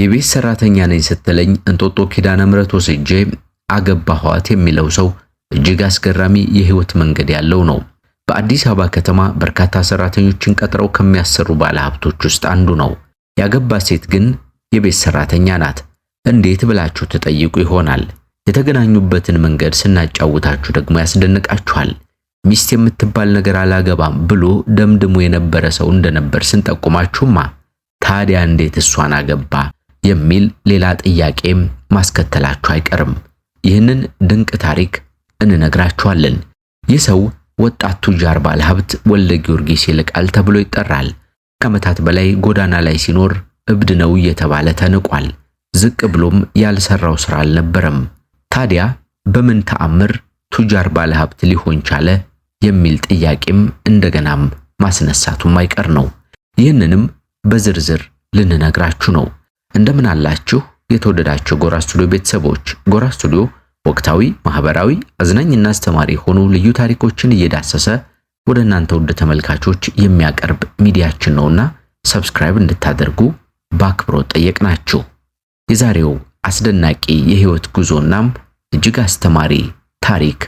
የቤት ሰራተኛ ነኝ ስትለኝ እንጦጦ ኪዳነ ምሕረት ወስጄ አገባኋት የሚለው ሰው እጅግ አስገራሚ የህይወት መንገድ ያለው ነው። በአዲስ አበባ ከተማ በርካታ ሰራተኞችን ቀጥረው ከሚያሰሩ ባለሀብቶች ውስጥ አንዱ ነው። ያገባ ሴት ግን የቤት ሰራተኛ ናት እንዴት ብላችሁ ትጠይቁ ይሆናል። የተገናኙበትን መንገድ ስናጫውታችሁ ደግሞ ያስደንቃችኋል። ሚስት የምትባል ነገር አላገባም ብሎ ደምድሞ የነበረ ሰው እንደነበር ስንጠቁማችሁማ ታዲያ እንዴት እሷን አገባ የሚል ሌላ ጥያቄም ማስከተላችሁ አይቀርም። ይህንን ድንቅ ታሪክ እንነግራችኋለን። ይህ ሰው ወጣት ቱጃር ባለሀብት ወልደ ጊዮርጊስ ይልቃል ተብሎ ይጠራል። ከዓመታት በላይ ጎዳና ላይ ሲኖር እብድ ነው እየተባለ ተንቋል። ዝቅ ብሎም ያልሰራው ስራ አልነበረም። ታዲያ በምን ተአምር ቱጃር ባለሀብት ሊሆን ቻለ የሚል ጥያቄም እንደገናም ማስነሳቱም አይቀር ነው። ይህንንም በዝርዝር ልንነግራችሁ ነው። እንደምን አላችሁ የተወደዳችሁ ጎራ ስቱዲዮ ቤተሰቦች። ጎራ ስቱዲዮ ወቅታዊ፣ ማህበራዊ፣ አዝናኝና አስተማሪ የሆኑ ልዩ ታሪኮችን እየዳሰሰ ወደ እናንተ ውድ ተመልካቾች የሚያቀርብ ሚዲያችን ነውና ሰብስክራይብ እንድታደርጉ በአክብሮት ጠየቅናችሁ። የዛሬው አስደናቂ የህይወት ጉዞናም እጅግ አስተማሪ ታሪክ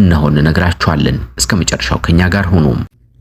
እነሆን እንነግራችኋለን። እስከ መጨረሻው ከኛ ጋር ሆኑም።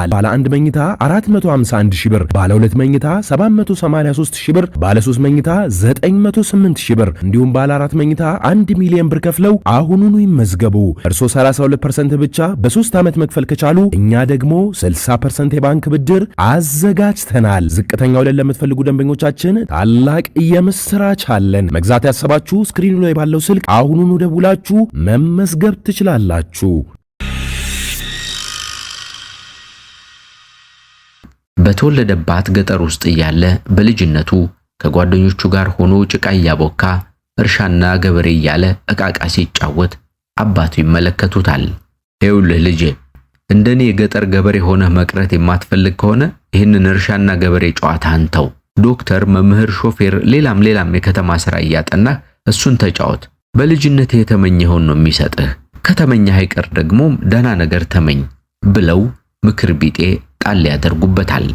አውጥተናል። ባለ አንድ መኝታ 451 ሺህ ብር፣ ባለ ሁለት መኝታ 783 ሺህ ብር፣ ባለ ሶስት መኝታ 908 ሺህ ብር እንዲሁም ባለ አራት መኝታ 1 ሚሊዮን ብር ከፍለው አሁኑኑ ይመዝገቡ። እርሶ 32% ብቻ በ3 ዓመት መክፈል ከቻሉ እኛ ደግሞ 60% የባንክ ብድር አዘጋጅተናል። ዝቅተኛው ላይ ለምትፈልጉ ደንበኞቻችን ታላቅ የምስራች አለን። መግዛት ያሰባችሁ ስክሪኑ ላይ ባለው ስልክ አሁኑኑ ደውላችሁ መመዝገብ ትችላላችሁ። በተወለደባት ገጠር ውስጥ እያለ በልጅነቱ ከጓደኞቹ ጋር ሆኖ ጭቃ እያቦካ እርሻና ገበሬ እያለ እቃቃ ሲጫወት አባቱ ይመለከቱታል። ይኸውልህ ልጄ እንደኔ የገጠር ገበሬ ሆነህ መቅረት የማትፈልግ ከሆነ ይህንን እርሻና ገበሬ ጨዋታ አንተው። ዶክተር፣ መምህር፣ ሾፌር፣ ሌላም ሌላም የከተማ ሥራ እያጠናህ እሱን ተጫወት። በልጅነት የተመኘኸውን ነው የሚሰጥህ። ከተመኘህ አይቀር ደግሞ ደህና ነገር ተመኝ ብለው ምክር ቢጤ ጣል ያደርጉበታል።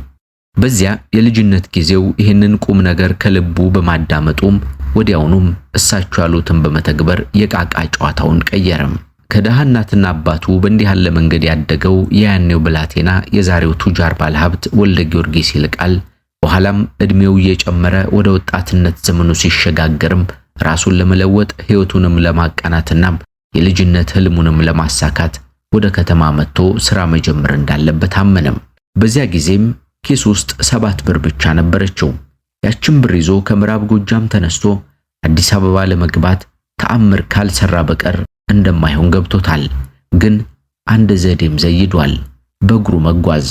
በዚያ የልጅነት ጊዜው ይህንን ቁም ነገር ከልቡ በማዳመጡም ወዲያውኑም እሳቸው ያሉትን በመተግበር የቃቃ ጨዋታውን ቀየረም። ከደሃ እናትና አባቱ በእንዲህ ያለ መንገድ ያደገው የያኔው ብላቴና የዛሬው ቱጃር ባለሀብት ወልደ ጊዮርጊስ ይልቃል በኋላም እድሜው እየጨመረ ወደ ወጣትነት ዘመኑ ሲሸጋገርም ራሱን ለመለወጥ ሕይወቱንም ለማቃናትና የልጅነት ህልሙንም ለማሳካት ወደ ከተማ መጥቶ ስራ መጀመር እንዳለበት አመነም። በዚያ ጊዜም ኪስ ውስጥ ሰባት ብር ብቻ ነበረችው። ያችን ብር ይዞ ከምዕራብ ጎጃም ተነስቶ አዲስ አበባ ለመግባት ተአምር ካልሰራ በቀር እንደማይሆን ገብቶታል። ግን አንድ ዘዴም ዘይዷል። በእግሩ መጓዝ።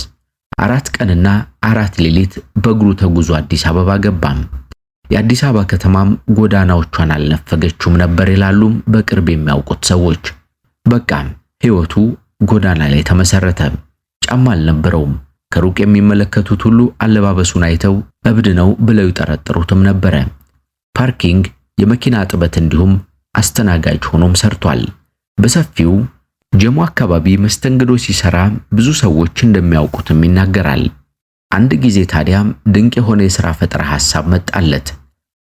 አራት ቀንና አራት ሌሊት በእግሩ ተጉዞ አዲስ አበባ ገባም። የአዲስ አበባ ከተማም ጎዳናዎቿን አልነፈገችውም ነበር ይላሉ በቅርብ የሚያውቁት ሰዎች። በቃም ሕይወቱ ጎዳና ላይ ተመሰረተ። ጫማ አልነበረውም። ከሩቅ የሚመለከቱት ሁሉ አለባበሱን አይተው እብድ ነው ብለው ይጠረጥሩትም ነበረ። ፓርኪንግ የመኪና እጥበት እንዲሁም አስተናጋጅ ሆኖም ሰርቷል። በሰፊው ጀሞ አካባቢ መስተንግዶ ሲሰራ ብዙ ሰዎች እንደሚያውቁትም ይናገራል። አንድ ጊዜ ታዲያም ድንቅ የሆነ የሥራ ፈጠራ ሐሳብ መጣለት።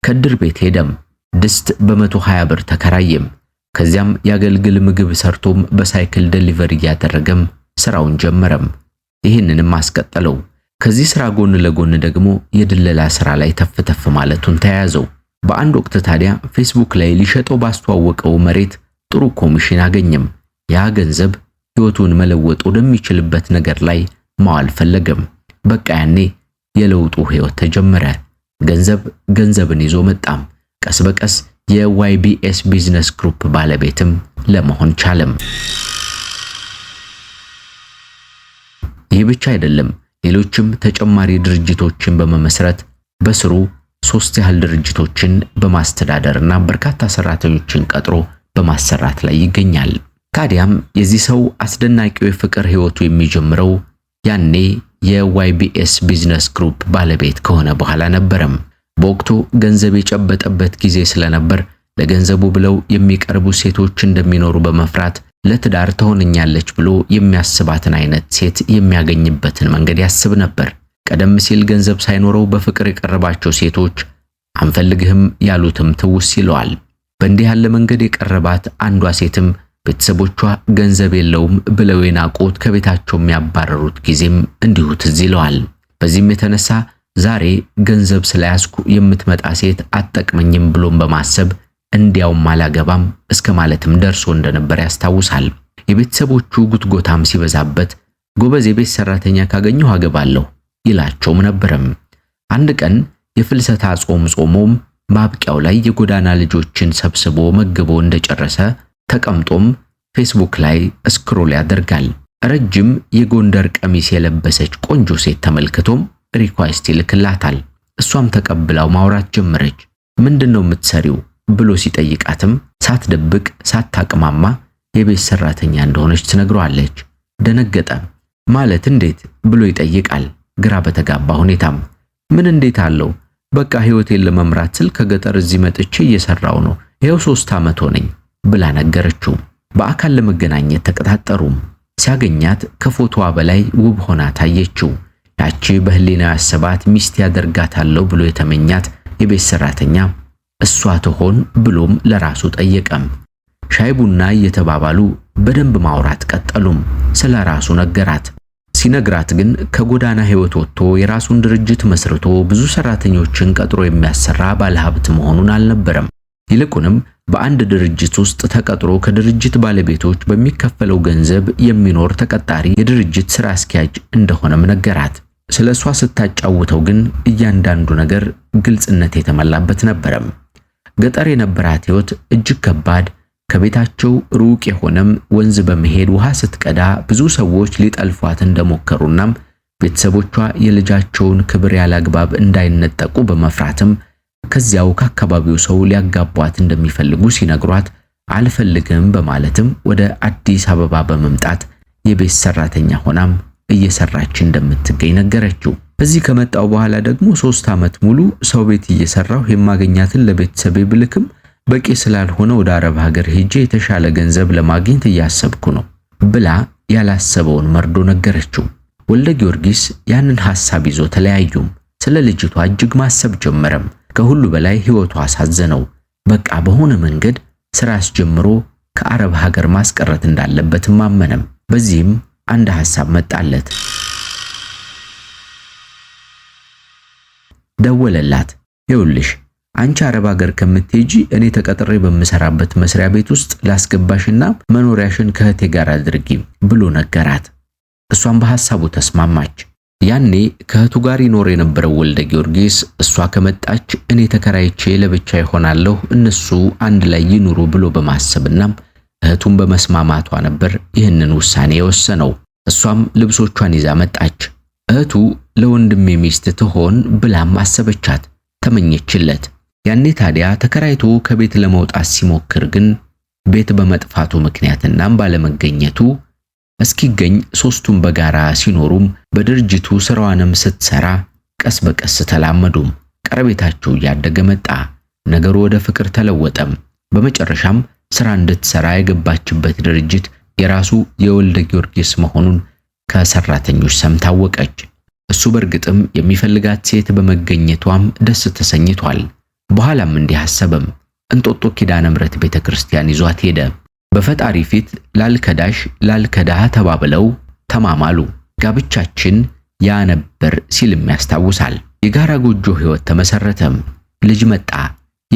ከድር ቤት ሄደም ድስት በመቶ 20 ብር ተከራየም። ከዚያም የአገልግል ምግብ ሰርቶም በሳይክል ደሊቨሪ እያደረገም ስራውን ጀመረም። ይህንንም አስቀጠለው። ከዚህ ስራ ጎን ለጎን ደግሞ የድለላ ስራ ላይ ተፍ ተፍ ማለቱን ተያያዘው። በአንድ ወቅት ታዲያ ፌስቡክ ላይ ሊሸጠው ባስተዋወቀው መሬት ጥሩ ኮሚሽን አገኘም። ያ ገንዘብ ህይወቱን መለወጥ ወደሚችልበት ነገር ላይ ማዋል ፈለገም። በቃ ያኔ የለውጡ ህይወት ተጀመረ። ገንዘብ ገንዘብን ይዞ መጣም። ቀስ በቀስ የዋይቢኤስ ቢዝነስ ግሩፕ ባለቤትም ለመሆን ቻለም። ይህ ብቻ አይደለም። ሌሎችም ተጨማሪ ድርጅቶችን በመመስረት በስሩ ሶስት ያህል ድርጅቶችን በማስተዳደርና በርካታ ሰራተኞችን ቀጥሮ በማሰራት ላይ ይገኛል። ታዲያም የዚህ ሰው አስደናቂው የፍቅር ህይወቱ የሚጀምረው ያኔ የዋይቢኤስ ቢዝነስ ግሩፕ ባለቤት ከሆነ በኋላ ነበረም። በወቅቱ ገንዘብ የጨበጠበት ጊዜ ስለነበር ለገንዘቡ ብለው የሚቀርቡ ሴቶች እንደሚኖሩ በመፍራት ለትዳር ትሆነኛለች ብሎ የሚያስባትን አይነት ሴት የሚያገኝበትን መንገድ ያስብ ነበር። ቀደም ሲል ገንዘብ ሳይኖረው በፍቅር የቀረባቸው ሴቶች አንፈልግህም ያሉትም ትውስ ይለዋል። በእንዲህ ያለ መንገድ የቀረባት አንዷ ሴትም ቤተሰቦቿ ገንዘብ የለውም ብለው የናቁት ከቤታቸው የሚያባረሩት ጊዜም እንዲሁ ትዝ ይለዋል። በዚህም የተነሳ ዛሬ ገንዘብ ስለያዝኩ የምትመጣ ሴት አትጠቅመኝም ብሎም በማሰብ እንዲያውም አላገባም እስከ ማለትም ደርሶ እንደነበር ያስታውሳል። የቤተሰቦቹ ጉትጎታም ሲበዛበት ጎበዝ የቤት ሰራተኛ ካገኘሁ አገባለሁ ይላቸውም ነበረም። አንድ ቀን የፍልሰታ ጾም ጾሞም ማብቂያው ላይ የጎዳና ልጆችን ሰብስቦ መግቦ እንደጨረሰ ተቀምጦም ፌስቡክ ላይ ስክሮል ያደርጋል። ረጅም የጎንደር ቀሚስ የለበሰች ቆንጆ ሴት ተመልክቶም ሪኳስት ይልክላታል። እሷም ተቀብላው ማውራት ጀመረች። ምንድን ነው የምትሰሪው? ብሎ ሲጠይቃትም ሳትደብቅ ሳታቅማማ የቤት ሰራተኛ እንደሆነች ትነግሯለች። ደነገጠ። ማለት እንዴት ብሎ ይጠይቃል ግራ በተጋባ ሁኔታም። ምን እንዴት አለው? በቃ ህይወቴን ለመምራት ስል ከገጠር እዚህ መጥቼ እየሰራው ነው ይኸው ሶስት ዓመት ሆነኝ ብላ ነገረችው። በአካል ለመገናኘት ተቀጣጠሩም። ሲያገኛት ከፎቶዋ በላይ ውብ ሆና ታየችው። ያቺ በህሊና ያሰባት ሚስት ያደርጋታለው ብሎ የተመኛት የቤት ሰራተኛ እሷ ትሆን ብሎም ለራሱ ጠየቀም። ሻይ ቡና እየተባባሉ በደንብ ማውራት ቀጠሉም። ስለ ራሱ ነገራት። ሲነግራት ግን ከጎዳና ህይወት ወጥቶ የራሱን ድርጅት መስርቶ ብዙ ሰራተኞችን ቀጥሮ የሚያሰራ ባለሀብት መሆኑን አልነበረም። ይልቁንም በአንድ ድርጅት ውስጥ ተቀጥሮ ከድርጅት ባለቤቶች በሚከፈለው ገንዘብ የሚኖር ተቀጣሪ የድርጅት ስራ አስኪያጅ እንደሆነም ነገራት። ስለ እሷ ስታጫውተው ግን እያንዳንዱ ነገር ግልጽነት የተሞላበት ነበረም። ገጠር የነበራት ህይወት እጅግ ከባድ፣ ከቤታቸው ሩቅ የሆነም ወንዝ በመሄድ ውሃ ስትቀዳ ብዙ ሰዎች ሊጠልፏት እንደሞከሩናም ቤተሰቦቿ የልጃቸውን ክብር ያላግባብ እንዳይነጠቁ በመፍራትም ከዚያው ከአካባቢው ሰው ሊያጋቧት እንደሚፈልጉ ሲነግሯት አልፈልግም በማለትም ወደ አዲስ አበባ በመምጣት የቤት ሰራተኛ ሆናም እየሰራች እንደምትገኝ ነገረችው። እዚህ ከመጣው በኋላ ደግሞ ሶስት ዓመት ሙሉ ሰው ቤት እየሰራሁ የማገኛትን ለቤተሰቤ ብልክም በቂ ስላልሆነ ወደ አረብ ሀገር ሄጄ የተሻለ ገንዘብ ለማግኘት እያሰብኩ ነው ብላ ያላሰበውን መርዶ ነገረችው። ወልደ ጊዮርጊስ ያንን ሐሳብ ይዞ ተለያዩም። ስለ ልጅቷ እጅግ ማሰብ ጀመረም። ከሁሉ በላይ ህይወቱ አሳዘነው። በቃ በሆነ መንገድ ስራ አስጀምሮ ከአረብ ሀገር ማስቀረት እንዳለበትም አመነም። በዚህም አንድ ሐሳብ መጣለት። ደወለላት። ይኸውልሽ አንቺ አረብ ሀገር ከምትሄጂ እኔ ተቀጥሬ በምሰራበት መስሪያ ቤት ውስጥ ላስገባሽና መኖሪያሽን ከእህቴ ጋር አድርጊ ብሎ ነገራት። እሷም በሐሳቡ ተስማማች። ያኔ ከእህቱ ጋር ይኖር የነበረው ወልደ ጊዮርጊስ እሷ ከመጣች እኔ ተከራይቼ ለብቻ ይሆናለሁ እነሱ አንድ ላይ ይኑሩ ብሎ በማሰብና እህቱን በመስማማቷ ነበር ይህንን ውሳኔ የወሰነው። እሷም ልብሶቿን ይዛ መጣች። እህቱ ለወንድሜ ሚስት ትሆን ብላም አሰበቻት፣ ተመኘችለት። ያኔ ታዲያ ተከራይቶ ከቤት ለመውጣት ሲሞክር ግን ቤት በመጥፋቱ ምክንያትናም ባለመገኘቱ እስኪገኝ ሶስቱም በጋራ ሲኖሩም በድርጅቱ ስራዋንም ስትሰራ ቀስ በቀስ ተላመዱም። ቀረቤታቸው እያደገ መጣ። ነገሩ ወደ ፍቅር ተለወጠም። በመጨረሻም ስራ እንድትሰራ የገባችበት ድርጅት የራሱ የወልደ ጊዮርጊስ መሆኑን ከሰራተኞች ሰምታወቀች። እሱ በእርግጥም የሚፈልጋት ሴት በመገኘቷም ደስ ተሰኝቷል። በኋላም እንዲህ አሰበም። እንጦጦ ኪዳነ ምሕረት ቤተክርስቲያን ይዟት ሄደ። በፈጣሪ ፊት ላልከዳሽ ላልከዳህ ተባብለው ተማማሉ። ጋብቻችን ያ ነበር ሲልም ያስታውሳል። የጋራ ጎጆ ህይወት ተመሰረተም። ልጅ መጣ።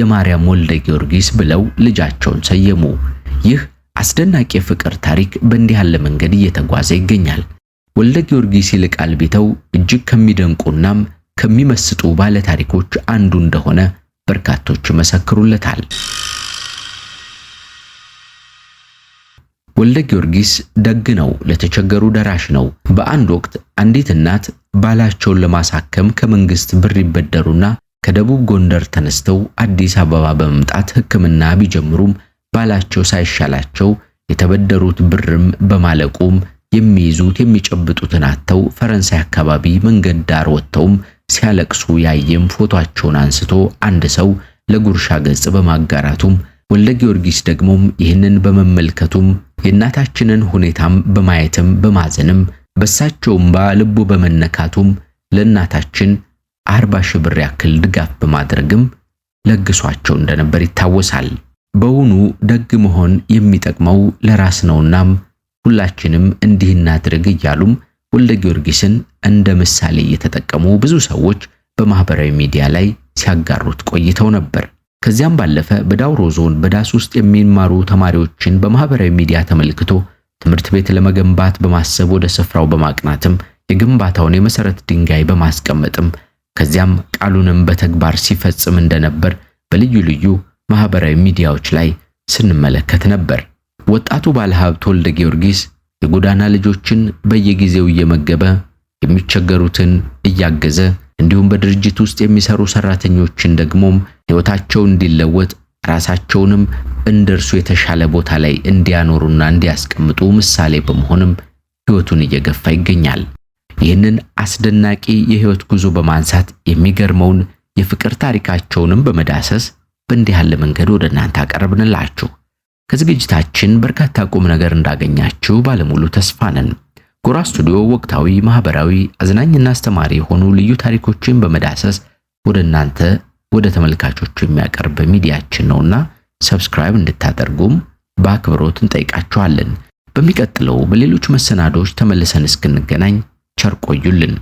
የማርያም ወልደ ጊዮርጊስ ብለው ልጃቸውን ሰየሙ። ይህ አስደናቂ የፍቅር ታሪክ በእንዲህ ያለ መንገድ እየተጓዘ ይገኛል። ወልደ ጊዮርጊስ ይልቃል ቢተው እጅግ ከሚደንቁናም ከሚመስጡ ባለ ታሪኮች አንዱ እንደሆነ በርካቶች መሰክሩለታል። ወልደ ጊዮርጊስ ደግ ነው፣ ለተቸገሩ ደራሽ ነው። በአንድ ወቅት አንዲት እናት ባላቸውን ለማሳከም ከመንግስት ብር ይበደሩና ከደቡብ ጎንደር ተነስተው አዲስ አበባ በመምጣት ሕክምና ቢጀምሩም ባላቸው ሳይሻላቸው የተበደሩት ብርም በማለቁም የሚይዙት የሚጨብጡትን አጥተው ፈረንሳይ አካባቢ መንገድ ዳር ወጥተውም ሲያለቅሱ ያየም ፎቶአቸውን አንስቶ አንድ ሰው ለጉርሻ ገጽ በማጋራቱም ወልደ ጊዮርጊስ ደግሞም ይህንን በመመልከቱም የእናታችንን ሁኔታም በማየትም በማዘንም በሳቸው ባልቡ በመነካቱም ለእናታችን አርባ ሺህ ብር ያክል ድጋፍ በማድረግም ለግሷቸው እንደነበር ይታወሳል። በውኑ ደግ መሆን የሚጠቅመው ለራስ ነውናም ሁላችንም እንዲህ እናድርግ እያሉም ወልደ ጊዮርጊስን እንደ ምሳሌ እየተጠቀሙ ብዙ ሰዎች በማህበራዊ ሚዲያ ላይ ሲያጋሩት ቆይተው ነበር። ከዚያም ባለፈ በዳውሮ ዞን በዳስ ውስጥ የሚማሩ ተማሪዎችን በማህበራዊ ሚዲያ ተመልክቶ ትምህርት ቤት ለመገንባት በማሰብ ወደ ስፍራው በማቅናትም የግንባታውን የመሰረት ድንጋይ በማስቀመጥም ከዚያም ቃሉንም በተግባር ሲፈጽም እንደነበር በልዩ ልዩ ማህበራዊ ሚዲያዎች ላይ ስንመለከት ነበር። ወጣቱ ባለሀብት ወልደ ጊዮርጊስ የጎዳና ልጆችን በየጊዜው እየመገበ የሚቸገሩትን እያገዘ እንዲሁም በድርጅት ውስጥ የሚሰሩ ሰራተኞችን ደግሞም ህይወታቸው እንዲለወጥ ራሳቸውንም እንደርሱ የተሻለ ቦታ ላይ እንዲያኖሩና እንዲያስቀምጡ ምሳሌ በመሆንም ህይወቱን እየገፋ ይገኛል። ይህንን አስደናቂ የህይወት ጉዞ በማንሳት የሚገርመውን የፍቅር ታሪካቸውንም በመዳሰስ በእንዲህ ያለ መንገድ ወደ እናንተ አቀረብንላችሁ። ከዝግጅታችን በርካታ ቁም ነገር እንዳገኛችሁ ባለሙሉ ተስፋ ነን። ጎራ ስቱዲዮ ወቅታዊ፣ ማህበራዊ፣ አዝናኝና አስተማሪ የሆኑ ልዩ ታሪኮችን በመዳሰስ ወደ እናንተ ወደ ተመልካቾቹ የሚያቀርብ ሚዲያችን ነውና ሰብስክራይብ እንድታደርጉም በአክብሮት እንጠይቃችኋለን። በሚቀጥለው በሌሎች መሰናዶች ተመልሰን እስክንገናኝ ቸር ቆዩልን።